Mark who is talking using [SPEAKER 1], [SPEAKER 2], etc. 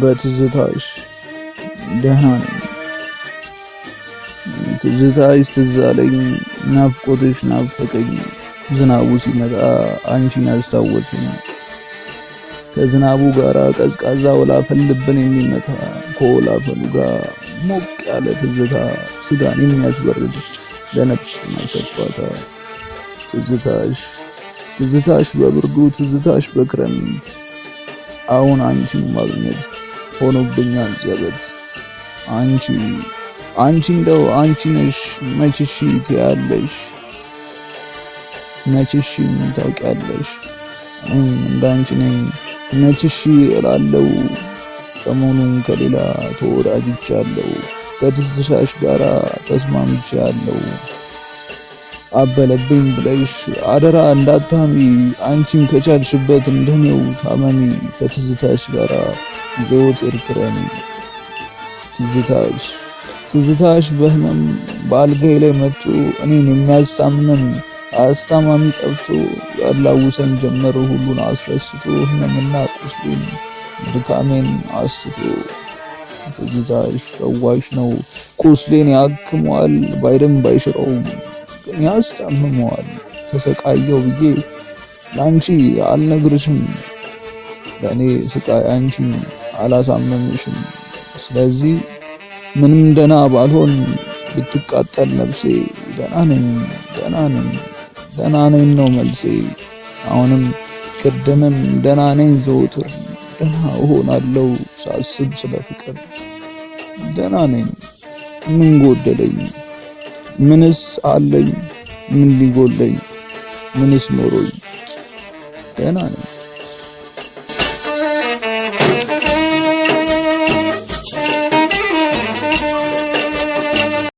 [SPEAKER 1] በትዝታሽ ደህና ነኝ። ትዝታሽ ትዝ አለኝ፣ ናፍቆትሽ ናፈቀኝ። ዝናቡ ሲመጣ አንቺን ያስታወሰኝ ከዝናቡ ጋር ቀዝቃዛ ወላፈን ልብን የሚመታ ከወላፈኑ ጋር ሞቅ ያለ ትዝታ ስጋን የሚያስበርድ ለነፍስ ማሰፋታ ትዝታሽ ትዝታሽ በብርዱ ትዝታሽ በክረምት አሁን አንቺን ማግኘት ሆኖብኛል ዘበት አንቺ አንቺ እንደው አንቺ ነሽ መችሽ ትያለሽ መችሽ ታውቂያለሽ እንዳንቺ ነኝ መችሽ እላለው ሰሞኑን ከሌላ ተወዳጅቻለሁ ከትዝታሽ ጋራ ተስማምቻለሁ አበለብኝ ብለሽ አደራ እንዳታሚ። አንቺም ከቻልሽበት እንደኔው ታመሚ። ከትዝታሽ ጋር ዘወትር ክረሚ። ትዝታሽ ትዝታሽ በህመም በአልጋይ ላይ መጡ እኔን የሚያስታምመኝ አስታማሚ ጠብቶ ያላውሰን ጀመረ ሁሉን አስረስቶ ህመምና ቁስሌን ድካሜን አስቶ ትዝታሽ ሸዋሽ ነው ቁስሌን ያክሟል ባይደም ባይሽረውም ግን ያስታምመዋል። ተሰቃየው ብዬ ለአንቺ አልነግርሽም። ለእኔ ስቃይ አንቺ አላሳመምሽም። ስለዚህ ምንም ደና ባልሆን ብትቃጠል ነፍሴ ደና ነኝ፣ ደና ነኝ፣ ደና ነኝ ነው መልሴ። አሁንም ቅድምም ደና ነኝ ዘውትር ደና እሆናለሁ ሳስብ ስለ ፍቅር ደና ነኝ ምን ጎደለኝ ምንስ አለኝ? ምን ሊጎለኝ? ምንስ ኖሮኝ? ደህና ነኝ።